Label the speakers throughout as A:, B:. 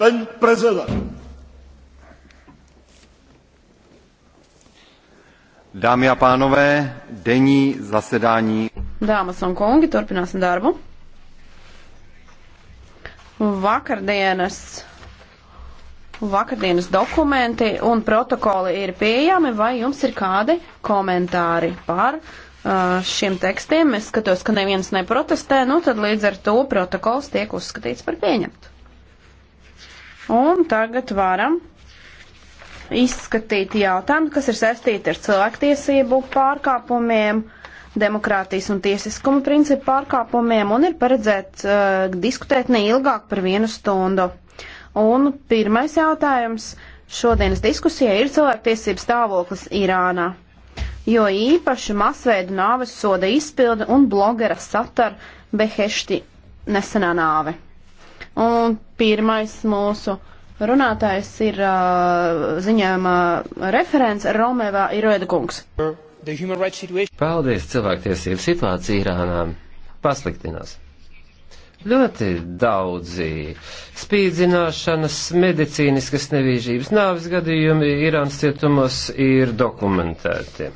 A: Pan prezident. Dámy a pánové, denní zasedání.
B: Dāmas un kungi, turpināsim darbu. Vakardienas, vakardienas dokumenti un protokoli ir pieejami, vai jums ir kādi komentāri par uh, šiem tekstiem? Es skatos, ka neviens neprotestē, nu tad līdz ar to protokols tiek uzskatīts par pieņemtu. Un tagad varam izskatīt jautājumu, kas ir saistīti ar cilvēktiesību pārkāpumiem, demokrātijas un tiesiskuma principu pārkāpumiem, un ir paredzēts uh, diskutēt neilgāk par vienu stundu. Un pirmais jautājums šodienas diskusijai ir cilvēktiesības stāvoklis Irānā, jo īpaši masveida nāves soda izpilde un blogera satara Behešti nesenā nāve. Un pirmais mūsu runātājs ir uh, ziņojuma uh, referents Romēvā Iroeda kungs.
A: Paldies, cilvēktiesību situācija Irānā pasliktinās. Ļoti daudzi spīdzināšanas, medicīniskas nevīžības, nāvis gadījumi Irānas cietumos ir dokumentēti.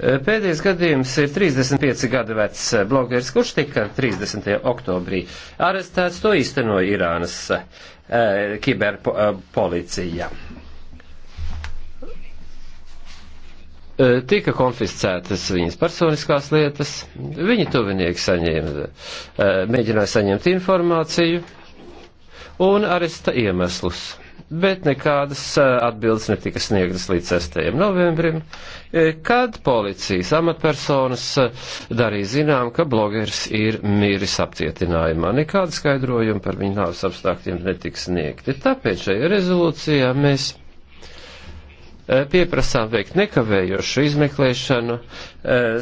A: Eh, pēdējais gadījums ir 35 gadu vecs eh, blogeris, kurš tika 30. oktobrī arestēts, to īstenoja Irānas e, kiberpolicija. E, tika konfiscētas viņas personiskās lietas, viņa tuvinieki saņēma, e, mēģināja saņemt informāciju un aresta iemeslus bet nekādas eh, atbildes netika sniegtas līdz 6. novembrim, eh, kad policijas amatpersonas eh, darīja zinām, ka blogeris ir miris apcietinājumā. Nekāda skaidrojuma par viņu nāves apstākļiem netika sniegti. Tāpēc šajā rezolūcijā mēs pieprasām veikt nekavējošu izmeklēšanu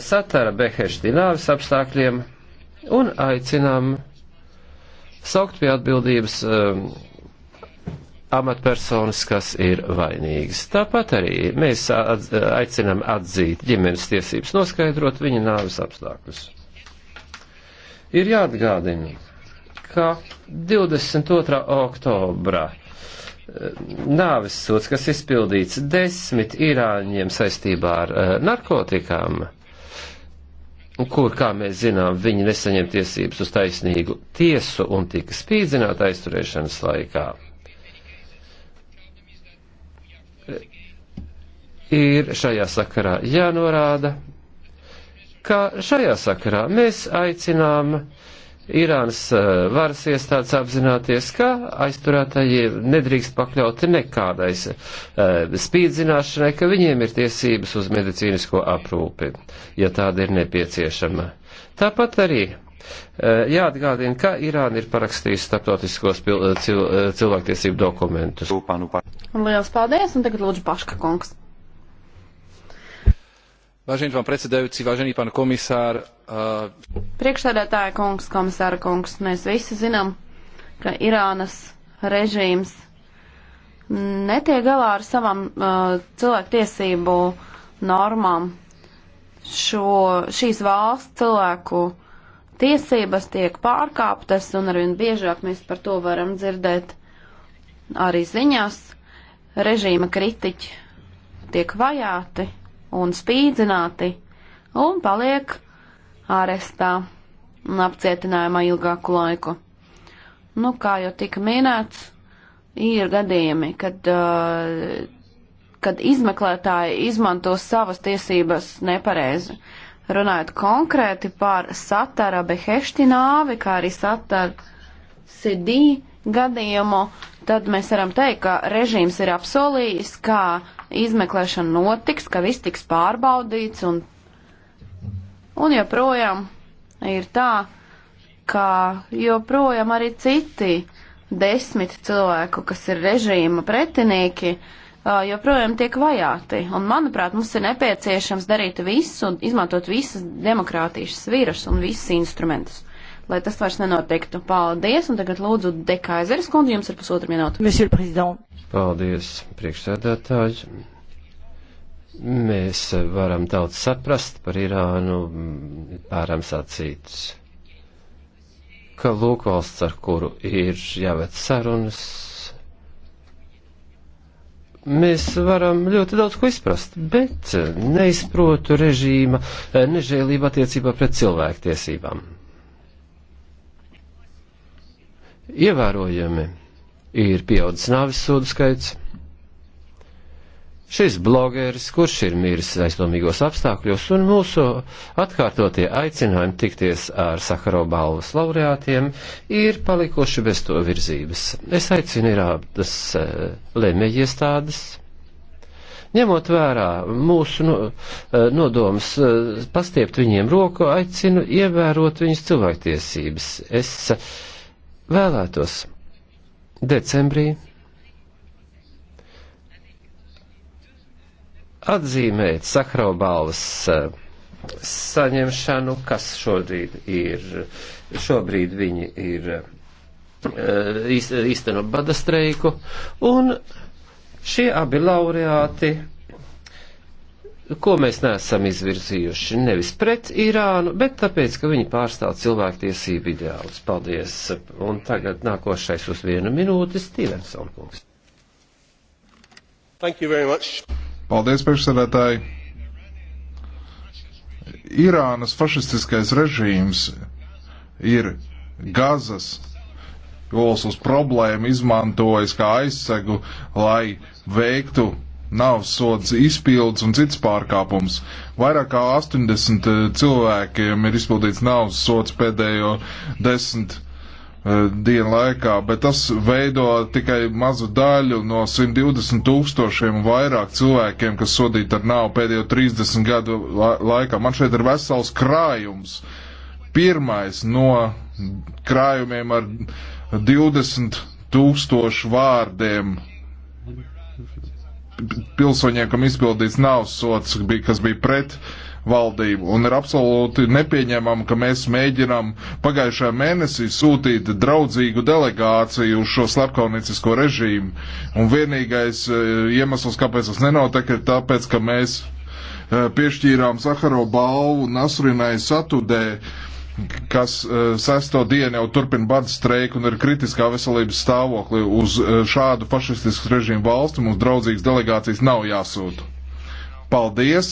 A: satara Behešti nāves apstākļiem un aicinām saukt pie atbildības amatpersonas, kas ir vainīgas. Tāpat arī mēs atz, aicinam atzīt ģimenes tiesības, noskaidrot viņa nāves apstākļus. Ir jāatgādina, ka 22. oktobra eh, nāves sots, kas izpildīts desmit irāņiem saistībā ar uh, narkotikām, kur, kā mēs zinām, viņi nesaņem tiesības uz taisnīgu tiesu un tika spīdzināta aizturēšanas laikā. ir šajā sakarā jānorāda, ka šajā sakarā mēs aicinām Irānas eh, varas iestādes apzināties, ka aizturētāji nedrīkst pakļauti nekādai eh, spīdzināšanai, ka viņiem ir tiesības uz medicīnisko aprūpi, ja tāda ir nepieciešama. Tāpat arī eh, Jāatgādina, ka Irāna ir parakstījusi starptautiskos cil cilvēktiesību dokumentus. Lielas
B: paldies, un tagad lūdzu Paška kungs.
A: Vážený pán predsedajúci, vážený pán komisār. Uh...
B: Priekšsēdētāja kungs, komisāra kungs, mēs visi zinām, ka Irānas režīms netiek galā ar savām uh, cilvēktiesību normām. Šo, šīs valsts cilvēku tiesības tiek pārkāptas, un arvien biežāk mēs par to varam dzirdēt arī ziņās. Režīma kritiķi tiek vajāti, un spīdzināti un paliek ārestā un apcietinājumā ilgāku laiku. Nu, kā jau tika minēts, ir gadījumi, kad, uh, kad izmeklētāji izmanto savas tiesības nepareizi. Runājot konkrēti par satara behešti nāvi, kā arī satara sedī gadījumu, tad mēs varam teikt, ka režīms ir apsolījis, ka izmeklēšana notiks, ka viss tiks pārbaudīts un, un joprojām ir tā, ka joprojām arī citi desmit cilvēku, kas ir režīma pretinieki, joprojām tiek vajāti. Un, manuprāt, mums ir nepieciešams darīt visu un izmantot visas demokrātīšas vīrus un visas instrumentus lai tas vairs nenotiktu. Paldies, un tagad lūdzu Dekaizeres kundzi, jums ir pusotra minūte.
A: Paldies, priekšsēdētāji. Mēs varam daudz saprast par Irānu, pāram sacīt, ka lūk valsts, ar kuru ir jāved sarunas, mēs varam ļoti daudz ko izprast, bet neizprotu režīma nežēlība attiecībā pret cilvēktiesībām. ievērojami ir pieaudzis nāvis sodu skaits. Šis blogeris, kurš ir miris aizdomīgos apstākļos, un mūsu atkārtotie aicinājumi tikties ar Sakaro balvas laureātiem ir palikuši bez to virzības. Es aicinu irādas eh, lemējiestādes, ņemot vērā mūsu no, eh, nodomus eh, pastiept viņiem roku, aicinu ievērot viņas cilvēktiesības. Es, Vēlētos decembrī atzīmēt Sakraubalvas eh, saņemšanu, kas šodien ir, šobrīd viņi ir eh, īstenot badastreiku, un šie abi laureāti ko mēs neesam izvirzījuši nevis pret Irānu, bet tāpēc, ka viņi pārstāv cilvēktiesību ideālus. Paldies! Un tagad nākošais uz vienu minūti Stevenson kungs.
C: Paldies, priekšsēdētāji! Irānas fašistiskais režīms ir Gazas jols uz problēmu izmantojis kā aizsegu, lai veiktu nāvs sods izpildes un cits pārkāpums. Vairāk kā 80 eh, cilvēkiem ir izpildīts nāvs sods pēdējo desmit eh, dienu laikā, bet tas veido tikai mazu daļu no 120 tūkstošiem vairāk cilvēkiem, kas sodīti ar nāvu pēdējo 30 gadu laikā. Man šeit ir vesels krājums. Pirmais no krājumiem ar 20 tūkstošu vārdiem pilsoņiem, kam izpildīts nav sots, kas bija pret valdību. Un ir absolūti nepieņemam, ka mēs mēģinām pagājušajā mēnesī sūtīt draudzīgu delegāciju uz šo slepkaunicisko režīmu. Un vienīgais e, iemesls, kāpēc tas nenotiek, ir tāpēc, ka mēs e, piešķīrām Sakaro balvu Nasrinai Satudē kas eh, sesto dienu jau turpina bada streiku un ir kritiskā veselības stāvoklī, uz eh, šādu fašistisku režīmu valsti mums draudzīgas delegācijas nav jāsūta. Paldies!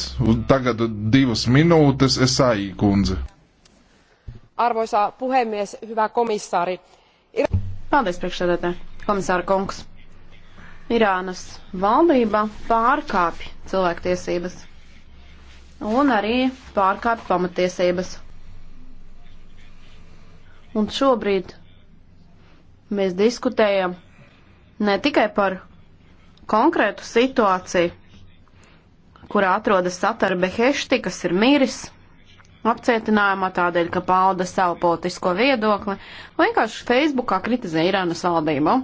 C: Tagad divas minūtes Esai kundze.
B: Arvoisa puhemies, hyvä komissaari. Ir... Paldies, priekšsēdētāji. Komisāra kungs. Irānas valdība pārkāpj cilvēktiesības un arī pārkāpj pamatiesības Un šobrīd mēs diskutējam ne tikai par konkrētu situāciju, kurā atrodas Satara Behešti, kas ir miris apcietinājumā tādēļ, ka pauda savu politisko viedokli, vienkārši Facebookā kritizē Irānas valdību.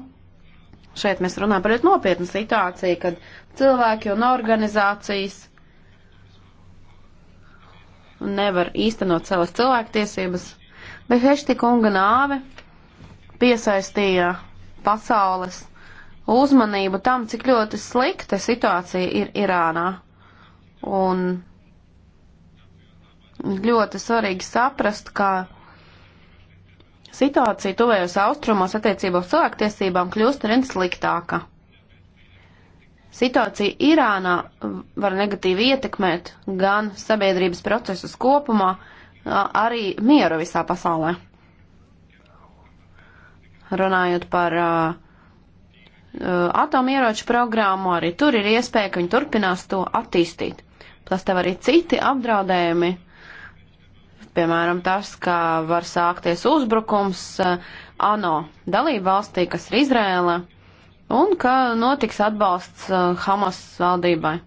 B: Šeit mēs runājam par ļoti nopietnu situāciju, kad cilvēki un organizācijas nevar īstenot savas cilvēktiesības Behešti kunga nāve piesaistīja pasaules uzmanību tam, cik ļoti slikta situācija ir Irānā. Un ļoti svarīgi saprast, ka situācija tuvējos austrumos attiecībā uz cilvēktiesībām kļūst arvien sliktāka. Situācija Irānā var negatīvi ietekmēt gan sabiedrības procesus kopumā, arī mieru visā pasaulē. Runājot par uh, atomieroču programmu, arī tur ir iespēja, ka viņi turpinās to attīstīt. Pastāv arī citi apdraudējumi, piemēram, tas, ka var sākties uzbrukums ANO dalību valstī, kas ir Izrēla, un ka notiks atbalsts Hamas valdībai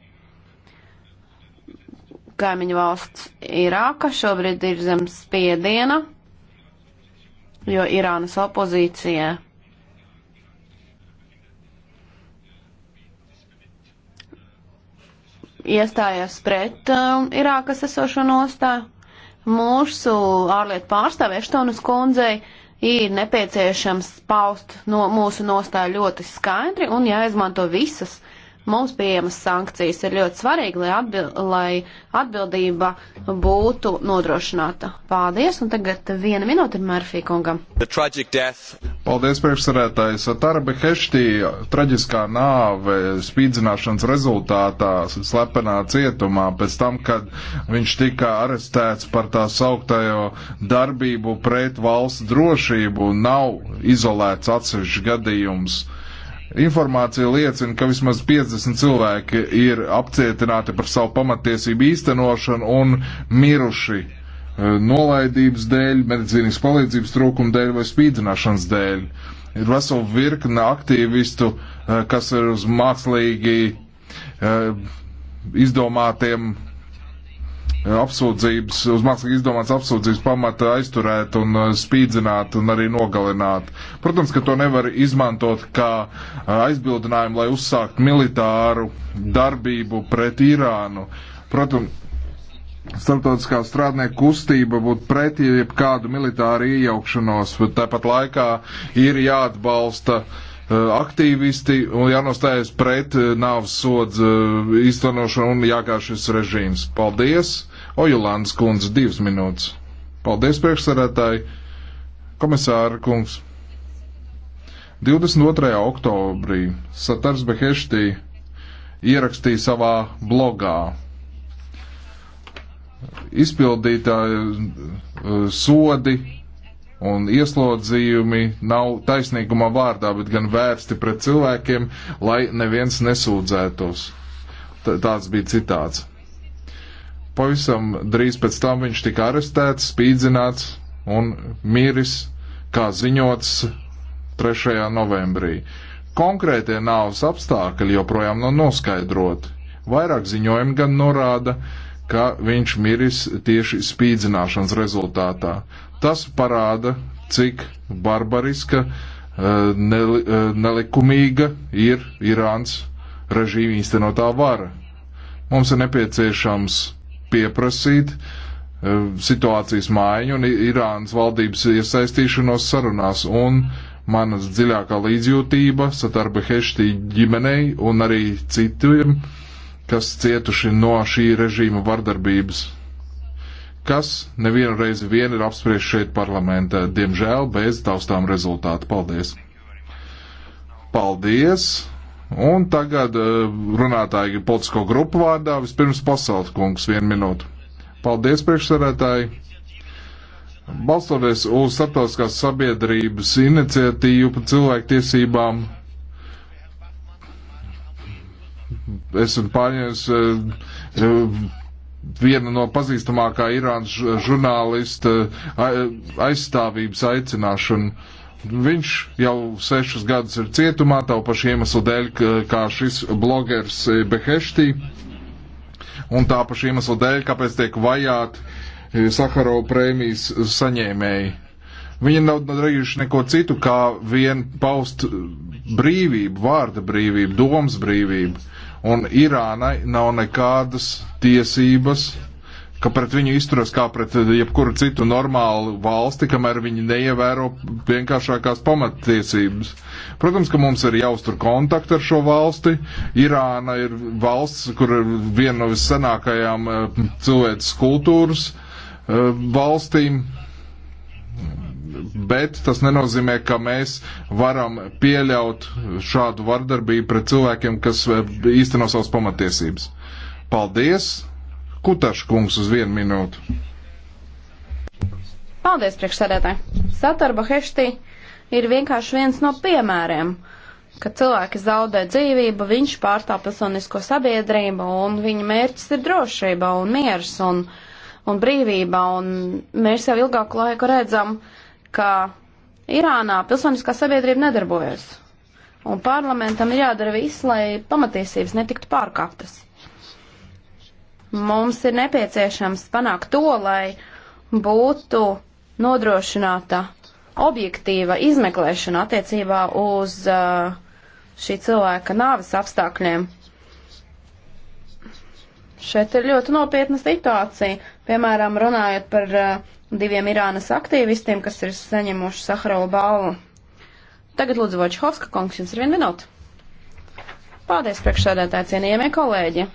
B: kaimiņu valsts Irāka šobrīd ir zem spiediena, jo Irānas opozīcija iestājās pret um, Irākas esošo nostāju. Mūsu ārlietu pārstāve Eštonas kundzei ir nepieciešams paust no mūsu nostāju ļoti skaidri un jāizmanto visas uh, mums pieejamas sankcijas ir ļoti svarīgi, lai, atbil lai atbildība būtu nodrošināta. Paldies, un tagad viena minūte ir Mērfī kungam.
C: Paldies, priekšsarētājs. Tarbe Heštī traģiskā nāve spīdzināšanas rezultātā slepenā cietumā pēc tam, kad viņš tika arestēts par tā sauktajo darbību pret valsts drošību, nav izolēts atsevišķi gadījums. Informācija liecina, ka vismaz 50 cilvēki ir apcietināti par savu pamatiesību īstenošanu un miruši eh, nolaidības dēļ, medicīnas palīdzības trūkuma dēļ vai spīdzināšanas dēļ. Ir vesela virkne aktīvistu, eh, kas ir uz mākslīgi eh, izdomātiem Eh, apsūdzības, uz mākslīgi izdomāts apsūdzības pamata aizturēt un eh, spīdzināt un arī nogalināt. Protams, ka to nevar izmantot kā eh, aizbildinājumu, lai uzsākt militāru darbību pret Irānu. Protams, starptautiskā strādnieku kustība būtu pretī jebkādu militāru iejaukšanos, bet tāpat laikā ir jāatbalsta aktīvisti un jānostājas pret nāvs sodz īstenošanu un jākāršas režīms. Paldies! Ojulāns kundze, divas minūtes. Paldies, priekšsarētāji, komisāra kungs. 22. oktobrī Satars Beheštī ierakstīja savā blogā. Izpildītāji eh, sodi un ieslodzījumi nav taisnīguma vārdā, bet gan vērsti pret cilvēkiem, lai neviens nesūdzētos. T tāds bija citāts. Pavisam drīz pēc tam viņš tika arestēts, spīdzināts un miris, kā ziņots 3. novembrī. Konkrētie nāvs apstākļi joprojām nav noskaidroti. Vairāk ziņojumi gan norāda, ka viņš miris tieši spīdzināšanas rezultātā. Tas parāda, cik barbariska, eh, nel eh, nelikumīga ir Irāns režīma īstenotā vara. Mums ir nepieciešams pieprasīt eh, situācijas maiņu un Irānas valdības iesaistīšanos sarunās. Un manas dziļākā līdzjūtība Satarba Heštī ģimenei un arī citiem, kas cietuši no šī režīma vardarbības kas nevienu reizi vien ir apspriests šeit parlamentā, diemžēl bez taustām rezultātu. Paldies! Paldies! Un tagad eh, runātāji politisko grupu vārdā vispirms pasaut kungs vienu minūtu. Paldies priekšsarētāji! Balstoties uz starptautiskās sabiedrības iniciatīvu par cilvēktiesībām, esmu pārņēmis eh, viena no pazīstamākā Irānas žurnālista eh, aizstāvības aicināšanu Viņš jau sešus gadus ir cietumā, tā paša iemesla dēļ, kā šis blogers eh, Beheštī, un tā paša iemesla dēļ, kāpēc tiek vajāti eh, Saharova prēmijas saņēmēji. Viņi nav darījuši neko citu, kā vien paust brīvību, vārda brīvību, domas brīvību. Un Irānai nav nekādas tiesības ka pret viņu izturas kā pret eh, jebkuru citu normālu valsti, kamēr viņi neievēro vienkāršākās pamattiesības. Protams, ka mums ir jāuztur kontakti ar šo valsti. Irāna ir valsts, kur ir viena no viscenākajām eh, cilvēces kultūras eh, valstīm. Bet tas nenozīmē, ka mēs varam pieļaut šādu vardarbību pret cilvēkiem, kas īsteno savas pamatiesības. Paldies! Kutaškungs uz vienu minūtu.
B: Paldies, priekšsēdētāji. Satarba heštī ir vienkārši viens no piemēriem, kad cilvēki zaudē dzīvību, viņš pārstāv pilsonisko sabiedrību un viņa mērķis ir drošība un miers un, un brīvība. Un mēs jau ilgāku laiku redzam, ka Irānā pilsoniskā sabiedrība nedarbojas. Un parlamentam ir jādara viss, lai pamatiesības netiktu pārkāptas. Mums ir nepieciešams panākt to, lai būtu nodrošināta objektīva izmeklēšana attiecībā uz uh, šī cilvēka nāves apstākļiem. Šeit ir ļoti nopietna situācija. Piemēram, runājot par uh, diviem Irānas aktīvistiem, kas ir saņemuši Saharova balvu. Tagad lūdzu Vočhovska kungs, jums ir viena minūte. Paldies, priekšsēdētāji, cienījamie kolēģi!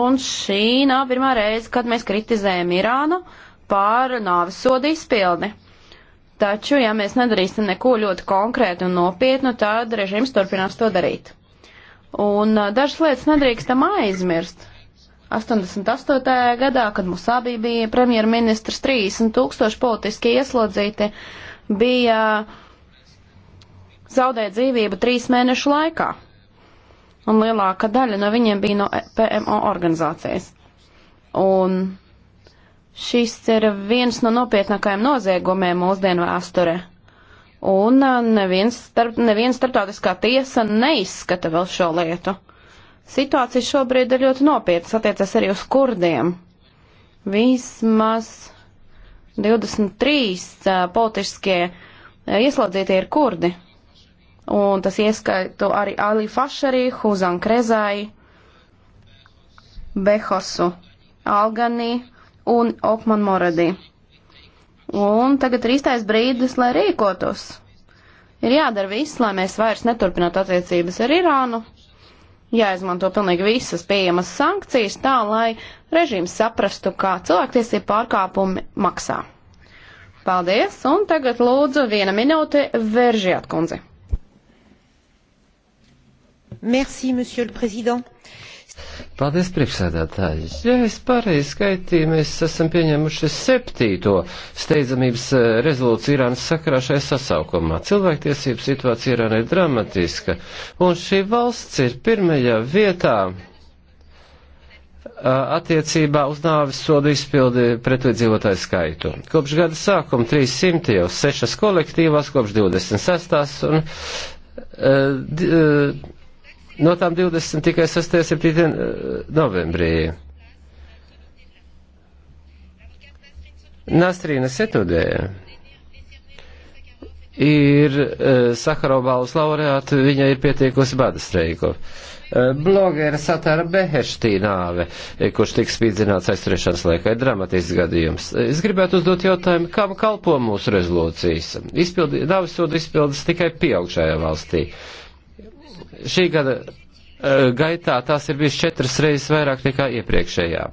B: Un šī nav pirmā reize, kad mēs kritizējam Irānu par nāves sodu izpildi. Taču, ja mēs nedarīsim neko ļoti konkrētu un nopietnu, tad režīms turpinās to darīt. Un dažas lietas nedrīkstam aizmirst. 88. gadā, kad mums abi bija premjerministrs, 30 tūkstoši politiski ieslodzīti bija zaudēt dzīvību trīs mēnešu laikā un lielāka daļa no viņiem bija no e PMO organizācijas. Un šis ir viens no nopietnākajiem noziegumiem mūsdienu vēsturē. Un uh, neviens, starp, neviens starptautiskā tiesa neizskata vēl šo lietu. Situācija šobrīd ir ļoti nopietna, attiecas arī uz kurdiem. Vismaz 23 uh, politiskie uh, ieslodzītie ir kurdi, un tas ieskaitu arī Ali Fašarī, Huzan Krezai, Behosu, Alganī un Okman Moradī. Un tagad ir īstais brīdis, lai rīkotos. Ir jādara viss, lai mēs vairs neturpinātu attiecības ar Irānu. Jāizmanto pilnīgi visas pieejamas sankcijas tā, lai režīms saprastu, kā cilvēktiesība pārkāpumi maksā. Paldies, un tagad lūdzu viena minūte veržiet, kundze. Merci,
A: monsieur le président. Paldies, priekšsēdētāji. Ja es pareizi skaitīju, mēs esam pieņēmuši septīto steidzamības eh, rezolūciju Irānas sakarā šajā sasaukumā. Cilvēktiesību situācija Irāna ir dramatiska, un šī valsts ir pirmajā vietā eh, attiecībā uz nāvis sodu izpildi pretlīdzīvotāju skaitu. Kopš gada sākuma 300 jau sešas kolektīvās, kopš 26. un. Uh, eh, d, uh, No tām 20 tikai 6. un 7. novembrī. Nastrīna Setudē ir eh, Sakarobalas laureāta, viņa ir pietiekusi badastreiku. Eh, blogera Satara Beheštī nāve, eh, kurš tiks spīdzināts aizturēšanas laikā, ir dramatisks gadījums. Es gribētu uzdot jautājumu, kam kalpo mūsu rezolūcijas? Izpildi, nāvisodu izpildas tikai pieaugšējā valstī. Uh, šī gada eh, gaitā tās ir bijis četras reizes vairāk nekā iepriekšējā.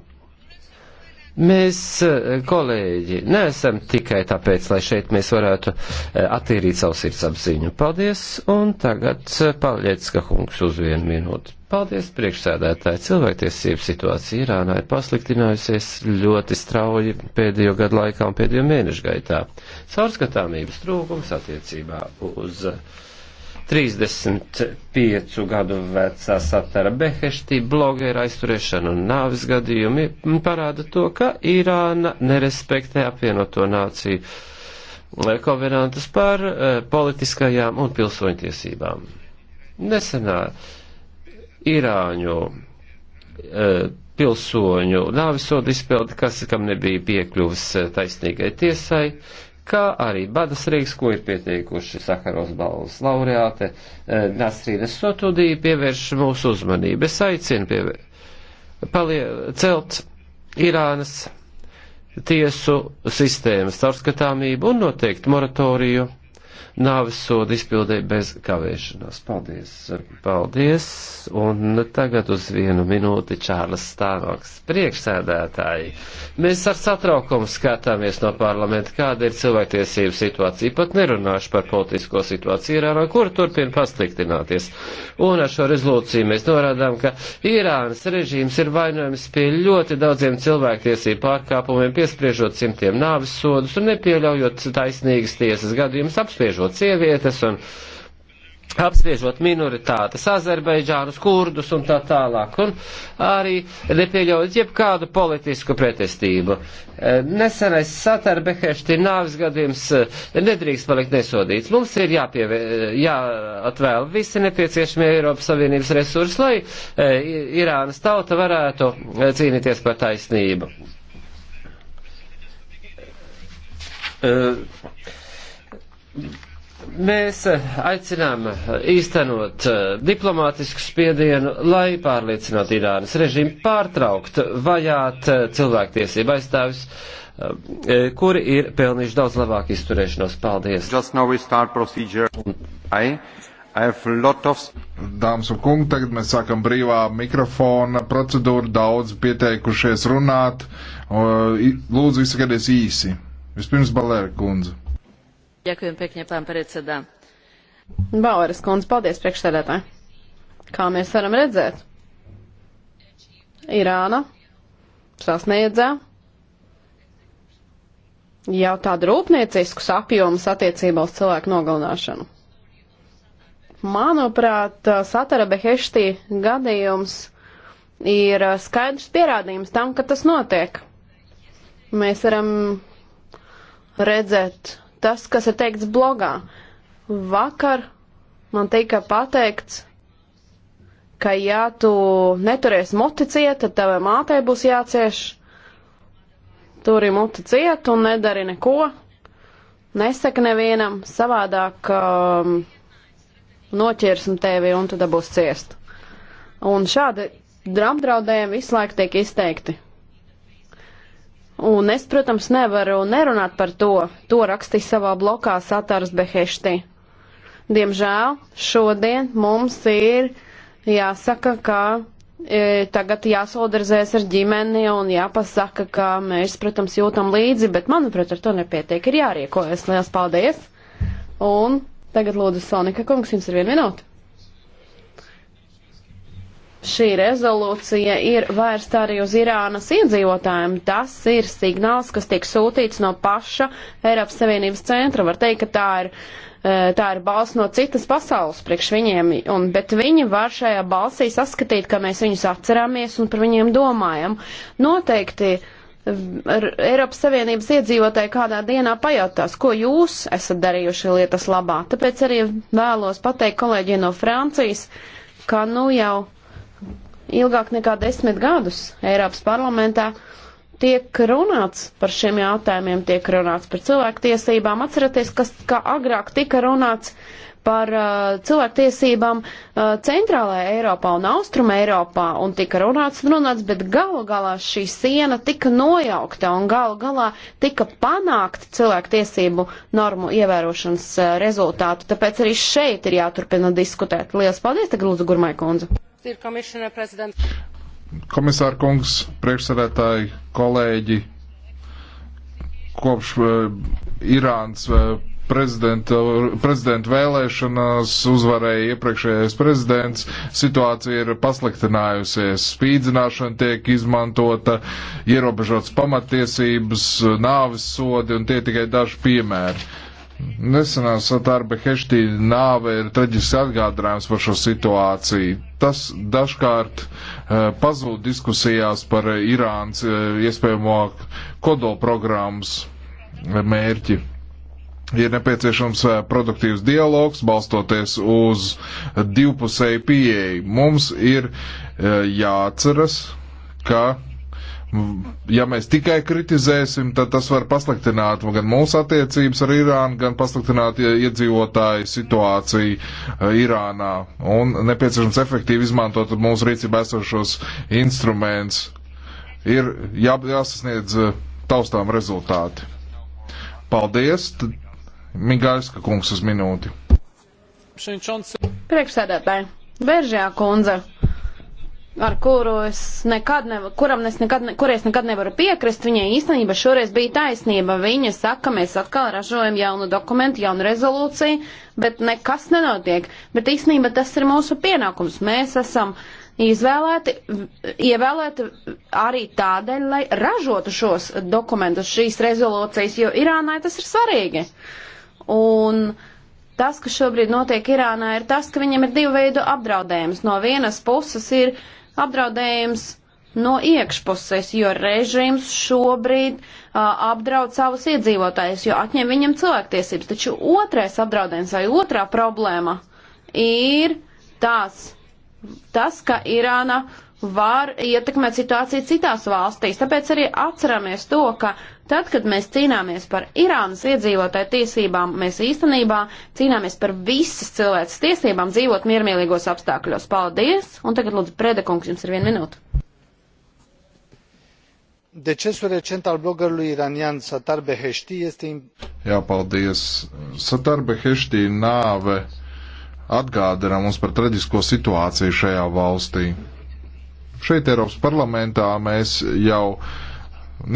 A: Mēs, eh, kolēģi, neesam tikai tāpēc, lai šeit mēs varētu eh, attīrīt savu sirdsapziņu. Paldies, un tagad Paļiecka kungs uz vienu minūti. Paldies, priekšsēdētāji. Cilvēktiesību situācija Irānā ir pasliktinājusies ļoti strauji pēdējo gadu laikā un pēdējo mēnešu gaitā. Saurskatāmības trūkums attiecībā uz. Uh, 35 gadu vecā Satara Beheštī blogera aizturēšana un nāvis gadījumi parāda to, ka Irāna nerespektē apvienoto nāciju eh, konvenantus par eh, politiskajām un pilsoņtiesībām. Nesenā Irāņu eh, pilsoņu nāvisodu izpildi, kas, kam nebija piekļuvis taisnīgai tiesai, kā arī Badas Rīgas, ko ir pieteikuši Sakaros balvas laureāte eh, Nasrīnes Sotudī, pievērš mūsu uzmanību. Es aicinu pievē... palie... celt Irānas tiesu sistēmas caurskatāmību un noteikt moratoriju nāves sodu izpildē bez kavēšanās. Paldies! Paldies! Un tagad uz vienu minūti Čārlis Stānoks, priekšsēdētāji. Mēs ar satraukumu skatāmies no parlamenta, kāda ir cilvēktiesību situācija. Pat nerunāšu par politisko situāciju Irānā, kur turpina pasliktināties. Un ar šo rezolūciju mēs norādām, ka Irānas režīms ir vainojams pie ļoti daudziem cilvēktiesību pārkāpumiem, piespriežot simtiem nāves sodus un nepieļaujot taisnīgas tiesas gadījumus apspiežot apvainojot sievietes un apspiežot minoritātes, Azerbaidžānus, kurdus un tā tālāk, un arī nepieļaujot jebkādu politisku pretestību. E, nesenais Satarbehešti nāvis gadījums e, nedrīkst palikt nesodīts. Mums ir jāpievē, jāatvēl visi nepieciešamie Eiropas Savienības resursi, lai e, Irānas tauta varētu cīnīties par taisnību. Uh, Mēs eh, aicinām eh, īstenot eh, diplomātisku spiedienu, lai pārliecinātu Irānas režīmu pārtraukt vajāt cilvēktiesību aizstāvis, kuri ir pelnījuši daudz labāk izturēšanos. Paldies! Of...
C: Dāmas un kungi, tagad mēs sākam brīvā mikrofona procedūru, daudz pieteikušies runāt. Lūdzu, izsakieties īsi. Vispirms
B: Balēra kundze. Ďakujem pekne, pán predsedā. Baueres kundze, paldies priekšsēdētāji. Kā mēs varam redzēt, Irāna sasniedzā jau tādu rūpnieciskus apjomus attiecībā uz cilvēku nogalināšanu. Manuprāt, Satara Beheštī gadījums ir skaidrs pierādījums tam, ka tas notiek. Mēs varam redzēt tas, kas ir teikts blogā. Vakar man tika pateikts, ka ja tu neturies muti ciet, tad tavai mātei būs jācieš. Turi muti ciet un nedari neko. Nesaka nevienam, savādāk um, noķersim tevi un tu dabūs ciest. Un šādi dramdraudējumi visu laiku tiek izteikti. Un es, protams, nevaru nerunāt par to. To rakstīja savā blokā Satārs Behešti. Diemžēl šodien mums ir jāsaka, ka e, tagad jāsodarzēs ar ģimeni un jāpasaka, ka mēs, protams, jūtam līdzi, bet, manuprāt, ar to nepietiek. Ir jārīkojas. Lielas paldies! Un tagad lūdzu Sonika kungs, jums ir viena minūte šī rezolūcija ir vērsta arī uz Irānas iedzīvotājiem. Tas ir signāls, kas tiek sūtīts no paša Eiropas Savienības centra. Var teikt, ka tā ir, e, tā ir balss no citas pasaules priekš viņiem, un, bet viņi var šajā balsī saskatīt, ka mēs viņus atceramies un par viņiem domājam. Noteikti. E, Eiropas Savienības iedzīvotāji kādā dienā pajautās, ko jūs esat darījuši lietas labā. Tāpēc arī vēlos pateikt kolēģiem no Francijas, ka nu jau ilgāk nekā desmit gadus Eiropas parlamentā tiek runāts par šiem jautājumiem, tiek runāts par cilvēktiesībām. Atcerieties, kas kā agrāk tika runāts par uh, cilvēktiesībām uh, centrālajā Eiropā un austruma Eiropā, un tika runāts un runāts, bet galu galā šī siena tika nojaukta, un galu galā tika panākta cilvēktiesību normu ievērošanas uh, rezultātu. Tāpēc arī šeit ir jāturpina diskutēt. Lielas paldies, tagad lūdzu, Gurmai kundze.
C: Komisāra kungs, priekšsēdētāji, kolēģi, kopš eh, Irānas eh, prezidenta, prezidenta vēlēšanās uzvarēja iepriekšējais prezidents, situācija ir pasliktinājusies. Spīdzināšana tiek izmantota, ierobežots pamatiesības, nāvis sodi un tie tikai daži piemēri. Nesenā Satarba Heštī nāve ir traģisks atgādinājums par šo situāciju. Tas dažkārt uh, pazūd diskusijās par Irānas uh, iespējamo kodolprogrammas eh, mērķi. Ir nepieciešams produktīvs dialogs, balstoties uz divpusēju pieeju. Mums ir uh, jāatceras, ka ja mēs tikai kritizēsim, tad tas var pasliktināt gan mūsu attiecības ar Irānu, gan pasliktināt iedzīvotāju situāciju uh, Irānā. Un nepieciešams efektīvi izmantot mūsu rīcībā esošos instrumentus. Ir jā, jāsasniedz uh, taustām rezultāti. Paldies! Migaiska kungs uz minūti.
B: Priekšsēdētāji, Veržjā kundze ar kuru es nekad, nev, kuram es nekad, ne, kur es nekad nevaru piekrist, viņai īstenība šoreiz bija taisnība. Viņa saka, ka mēs atkal ražojam jaunu dokumentu, jaunu rezolūciju, bet nekas nenotiek. Bet īstenībā tas ir mūsu pienākums. Mēs esam izvēlēti, ievēlēti arī tādēļ, lai ražotu šos dokumentus, šīs rezolūcijas, jo Irānai tas ir svarīgi. Un, uh, tas, kas šobrīd notiek Irānā, ir tas, ka viņiem ir divu veidu apdraudējums. No vienas puses ir apdraudējums no iekšpuses, jo režīms šobrīd uh, apdraud savus iedzīvotājus, jo atņem viņam cilvēktiesības. Taču otrais apdraudējums vai otrā problēma ir tās, tas, ka Irāna uh, var ietekmēt situāciju citās valstīs. Tāpēc arī atceramies to, ka tad, kad mēs cīnāmies par Irānas iedzīvotāju tiesībām, mēs īstenībā cīnāmies par visas cilvēces tiesībām dzīvot miermīlīgos apstākļos. Paldies! Un tagad lūdzu Predekungs, jums ir viena minūte.
A: Decesul recent al bloggerului iranian Satar Beheshti este...
C: Jā, paldies. Satar Beheshti nāve atgādina mums par traģisko situāciju šajā valstī. Šeit Eiropas parlamentā mēs jau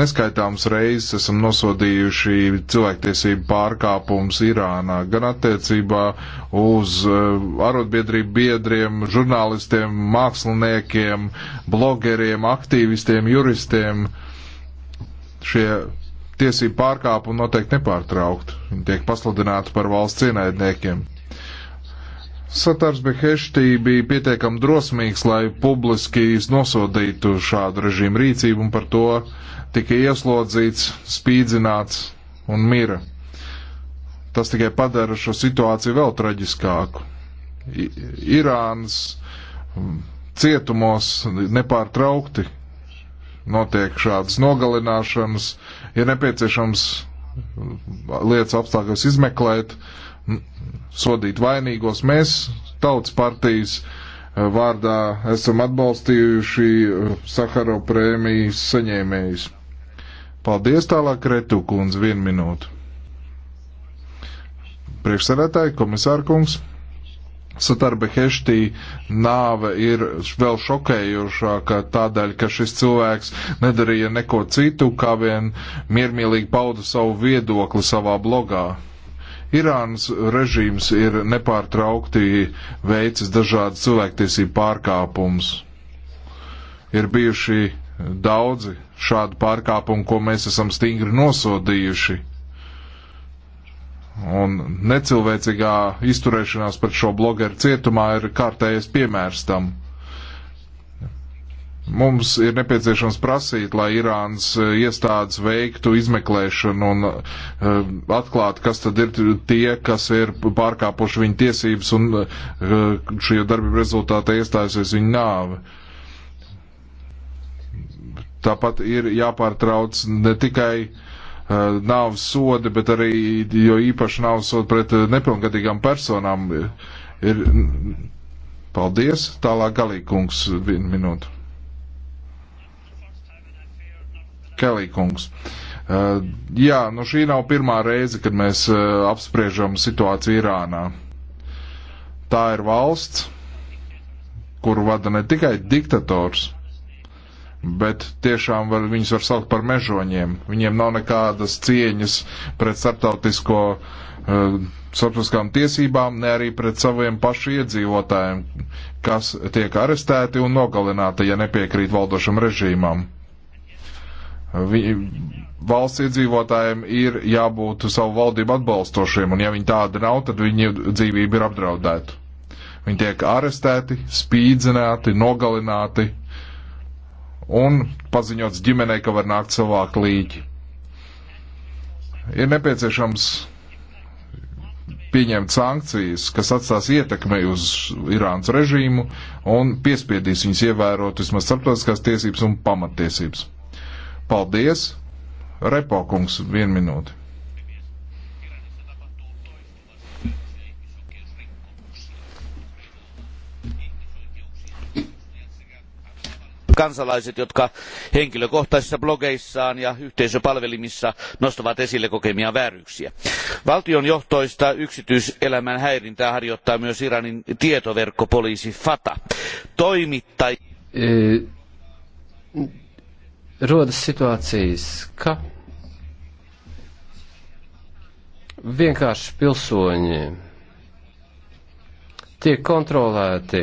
C: neskaitāms reizes esam nosodījuši cilvēktiesību pārkāpumus Irānā, gan attiecībā uz eh, arotbiedrību biedriem, žurnālistiem, māksliniekiem, blogeriem, aktīvistiem, juristiem. Šie tiesību pārkāpumi noteikti nepārtraukti. Viņi tiek pasludināti par valsts ienaidniekiem. Satārs Beheštī bija pietiekami drosmīgs, lai publiski nosodītu šādu režīmu rīcību un par to tika ieslodzīts, spīdzināts un mira. Tas tikai padara šo situāciju vēl traģiskāku. I Irānas cietumos nepārtraukti notiek šādas nogalināšanas, ir nepieciešams lietas apstākļos izmeklēt, sodīt vainīgos. Mēs tautas partijas eh, vārdā esam atbalstījuši eh, Sakaro prēmijas saņēmējus. Paldies tālāk, Retu kundze, vienu minūtu. Priekšsarētāji, komisārkungs. Satarbe Heštī nāve ir vēl šokējošāka tādēļ, ka šis cilvēks nedarīja neko citu, kā vien miermīlīgi pauda savu viedokli savā blogā. Irānas režīms ir nepārtraukti veicis dažādas cilvēktiesību pārkāpumus. Ir bijuši daudzi šādi pārkāpumi, ko mēs esam stingri nosodījuši. Un necilvēcīgā izturēšanās pret šo blogeru cietumā ir kārtējais piemērs tam. Mums ir nepieciešams prasīt, lai Irānas eh, iestādes veiktu izmeklēšanu un eh, atklātu, kas tad ir tie, kas ir pārkāpuši viņa tiesības un eh, šī darbība rezultātā iestājusies viņa nāve. Tāpat ir jāpārtrauc ne tikai nāves sodi, bet arī, jo īpaši nāves sodi pret nepilngadīgām personām ir. Paldies, tālāk galīgums vienu minūtu. Kelīkungs. Uh, jā, nu šī nav pirmā reize, kad mēs uh, apspriežam situāciju Irānā. Tā ir valsts, kuru vada ne tikai diktators, bet tiešām var, viņus var saukt par mežoņiem. Viņiem nav nekādas cieņas pret starptautisko, uh, starptautiskām tiesībām, ne arī pret saviem pašu iedzīvotājiem, kas tiek arestēti un nogalināti, ja nepiekrīt valdošam režīmam. Vi, valsts iedzīvotājiem ir jābūt savu valdību atbalstošiem, un ja viņi tāda nav, tad viņu dzīvība ir apdraudēta. Viņi tiek arestēti, spīdzināti, nogalināti un paziņots ģimenei, ka var nākt savākt līķi. Ir nepieciešams pieņemt sankcijas, kas atstās ietekmi uz Irānas režīmu un piespiedīs viņus ievērot vismaz starptautiskās tiesības un pamatiesības. Paldies! Repokungs, vienu minūti.
A: kansalaiset jotka henkilökohtaisissa blogeissaan ja yhteisöpalvelimissa nostavat esille kokemiaan vääryyksiä. valtionjohtoista yksityiselämän häirintää harjoittaa myös iranin tietoverkkopoliisi fata. toimittajien eh, rodas situācijas, ka vienkārši pilsoņi tiek kontrolēti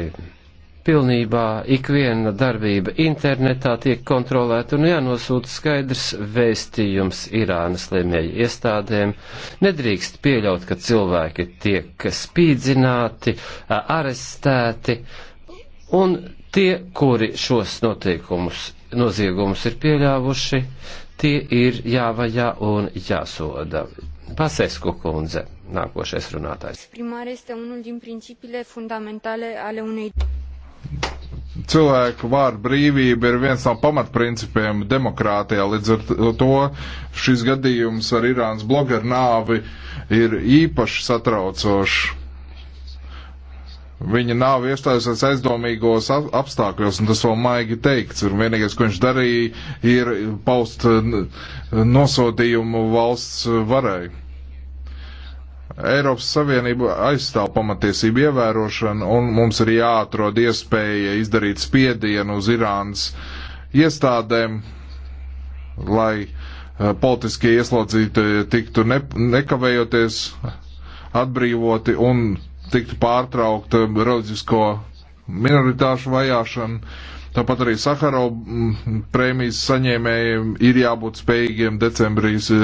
A: pilnībā, ikviena darbība internetā tiek kontrolēta un jānosūta skaidrs vēstījums Irānas lēmēju iestādēm. Nedrīkst pieļaut, ka cilvēki tiek spīdzināti, arestēti un tie, kuri šos noteikumus noziegumus ir pieļāvuši, tie ir jāvajā un jāsoda. Pasesku kundze, nākošais runātājs.
C: Cilvēku vārdu brīvība ir viens no pamatprincipiem demokrātijā, līdz ar to šis gadījums ar Irānas blogeru nāvi ir īpaši satraucošs Viņa nav iestājusies aizdomīgos apstākļos, un tas vēl maigi teikts. Un vienīgais, ko viņš darīja, ir paust nosodījumu valsts varai. Eiropas Savienība aizstāv pamatiesību ievērošanu, un mums ir jāatrod iespēja izdarīt spiedienu uz Irānas iestādēm, lai e, politiskie ieslodzīti tiktu ne, nekavējoties atbrīvoti un tiktu pārtraukta reliģisko minoritāšu vajāšana. Tāpat arī Sakaro mm, prēmijas saņēmējiem ir jābūt spējīgiem decembrīs e,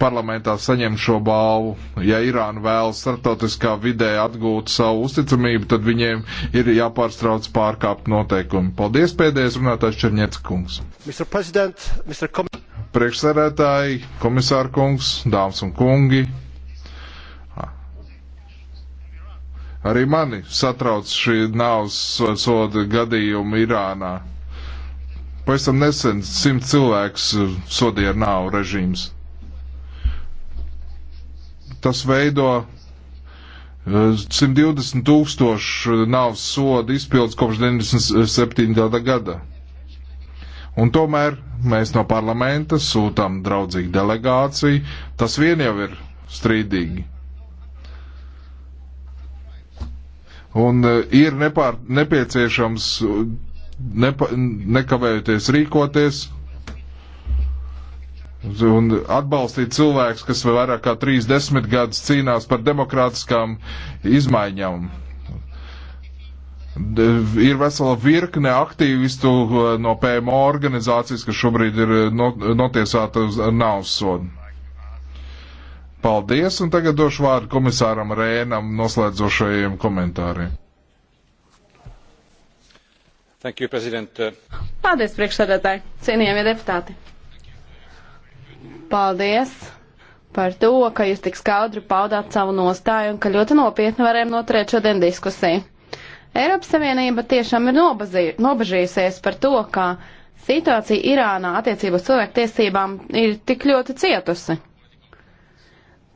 C: parlamentā saņemt šo balvu. Ja Irāna vēlas startautiskā vidē atgūt savu uzticamību, tad viņiem ir jāpārstrauc pārkāpt noteikumi. Paldies pēdējais runātājs Černieckungs. Priekšsēdētāji, komisārkungs, dāmas un kungi. Arī mani satrauc šī nāvs soda gadījuma Irānā. Pēc tam nesen simt cilvēks sodīja ar nāvu režīms. Tas veido 120 eh, tūkstošu nāvs sodu izpildus kopš 97. gada. Un tomēr mēs no parlamenta sūtām draudzīgu delegāciju. Tas vien jau ir strīdīgi. Un e, ir nepār, nepieciešams e, nepa, nekavējoties rīkoties un atbalstīt cilvēkus, kas vairāk kā 30 gadus cīnās par demokrātiskām izmaiņām. Ir vesela virkne aktīvistu e, no PMO organizācijas, kas šobrīd ir notiesāta uz naudas sodu. Paldies, un tagad došu vārdu komisāram Rēnam noslēdzošajiem komentāriem.
A: Thank you, President.
B: Paldies, priekšsēdētāji, cienījamie deputāti. Paldies par to, ka jūs tik skaudri paudāt savu nostāju un ka ļoti nopietni varējām noturēt šodien diskusiju. Eiropas Savienība tiešām ir nobazī, nobažījusies par to, ka situācija Irānā attiecībā uz cilvēktiesībām ir tik ļoti cietusi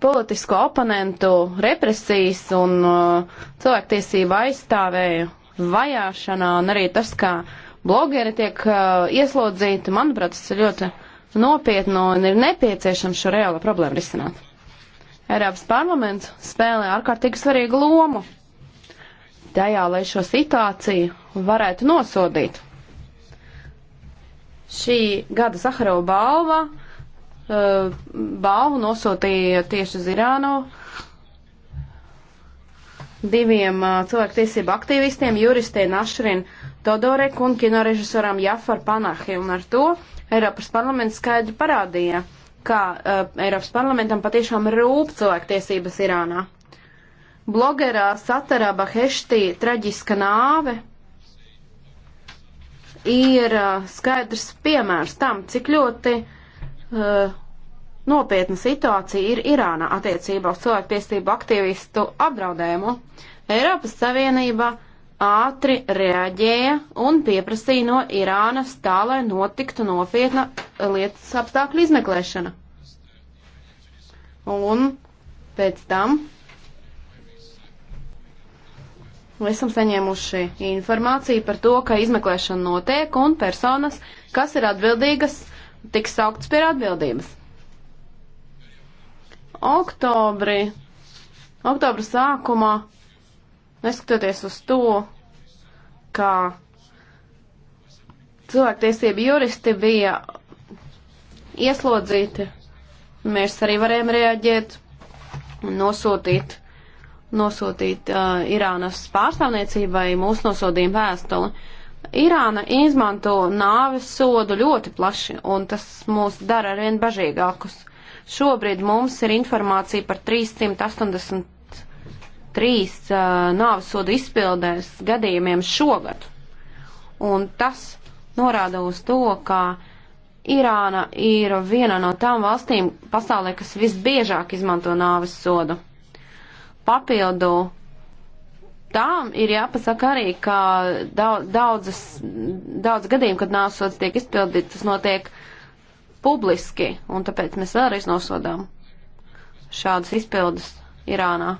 B: politisko oponentu represijas un uh, cilvēktiesību aizstāvēju vajāšanā un arī tas, kā blogeri tiek uh, ieslodzīti, manuprāt, tas ir ļoti nopietnu un ir nepieciešams šo reālo problēmu risināt. Eiropas parlaments spēlē ārkārtīgi svarīgu lomu tajā, lai šo situāciju varētu nosodīt. Šī gada Saharova balva uh, balvu nosūtīja tieši uz Irānu diviem uh, cilvēktiesību aktīvistiem, juristē Našrin Todorek un kinorežisoram Jafar Panahi. Un ar to Eiropas parlaments skaidri parādīja, ka uh, Eiropas parlamentam patiešām rūp cilvēktiesības Irānā. Blogerā Satarā Baheštī traģiska nāve ir uh, skaidrs piemērs tam, cik ļoti uh, nopietna situācija ir Irānā attiecībā uz cilvēktiesību aktīvistu apdraudējumu. Eiropas Savienība ātri reaģēja un pieprasīja no Irānas tā, lai notiktu nopietna lietas apstākļu izmeklēšana. Un pēc tam esam saņēmuši informāciju par to, ka izmeklēšana notiek un personas, kas ir atbildīgas, tiks sauktas pie atbildības. Oktobrī, oktobra sākumā, neskatoties uz to, ka cilvēktiesība juristi bija ieslodzīti, mēs arī varējām reaģēt un nosūtīt, nosūtīt uh, Irānas pārstāvniecībai mūsu nosodījumu vēstuli. Irāna izmanto nāves sodu ļoti plaši, un tas mūs dara arvien bažīgākus. Šobrīd mums ir informācija par 383 uh, nāvisodu izpildēs gadījumiem šogad. Un tas norāda uz to, ka Irāna ir viena no tām valstīm pasaulē, kas visbiežāk izmanto nāves sodu. Papildu tām ir jāpasaka arī, ka daudz, daudzas, daudz gadījumu, kad nāves sods tiek izpildīts, tas notiek uh, publiski, un tāpēc mēs vēlreiz nosodām šādas izpildes Irānā.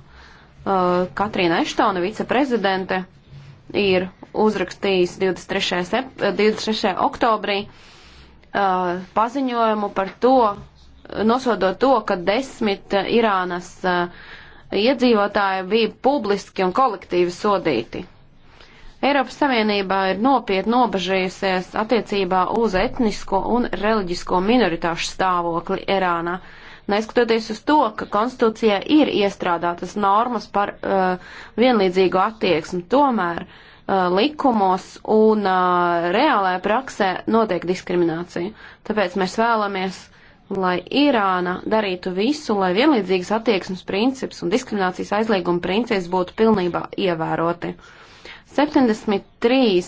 B: Uh, Katrīna Eštona, viceprezidente, ir uzrakstījis 23. Sep, 23. Uh, oktobrī uh, paziņojumu par to, nosodot to, ka desmit uh, Irānas uh, iedzīvotāji bija publiski un kolektīvi sodīti. Eiropas Savienībā ir nopietni nobežījusies attiecībā uz etnisko un reliģisko minoritāšu stāvokli Irānā. Neskatoties uz to, ka konstitūcijā ir iestrādātas normas par uh, vienlīdzīgu attieksmi, tomēr uh, likumos un uh, reālajā praksē notiek diskriminācija. Tāpēc mēs vēlamies, lai Irāna darītu visu, lai vienlīdzīgas attieksmes princips un diskriminācijas aizlieguma princips būtu pilnībā ievēroti. Uh, 73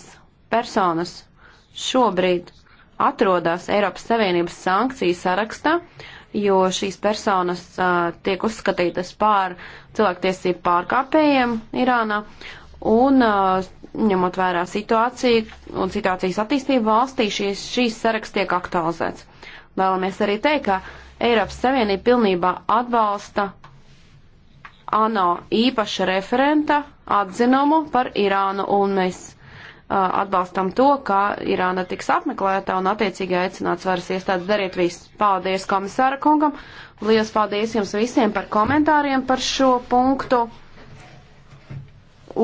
B: personas šobrīd atrodas Eiropas Savienības sankciju sarakstā, jo šīs personas uh, tiek uzskatītas par cilvēktiesību pārkāpējiem Irānā. Un uh, ņemot vērā situāciju un situācijas attīstību valstī, šīs, šīs saraksts tiek aktualizēts. Vēlamies arī teikt, ka Eiropas Savienība pilnībā atbalsta ANO īpaša referenta atzinumu par Irānu, un mēs uh, atbalstam to, ka Irāna tiks apmeklēta un attiecīgi aicināts varas iestādes darīt visu. Paldies komisāra kungam, liels paldies jums visiem par komentāriem par šo punktu.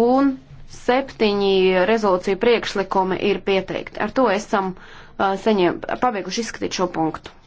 B: Un septiņi rezolūcija priekšlikumi ir pieteikti. Ar to esam uh, saņem, pabeiguši izskatīt šo punktu.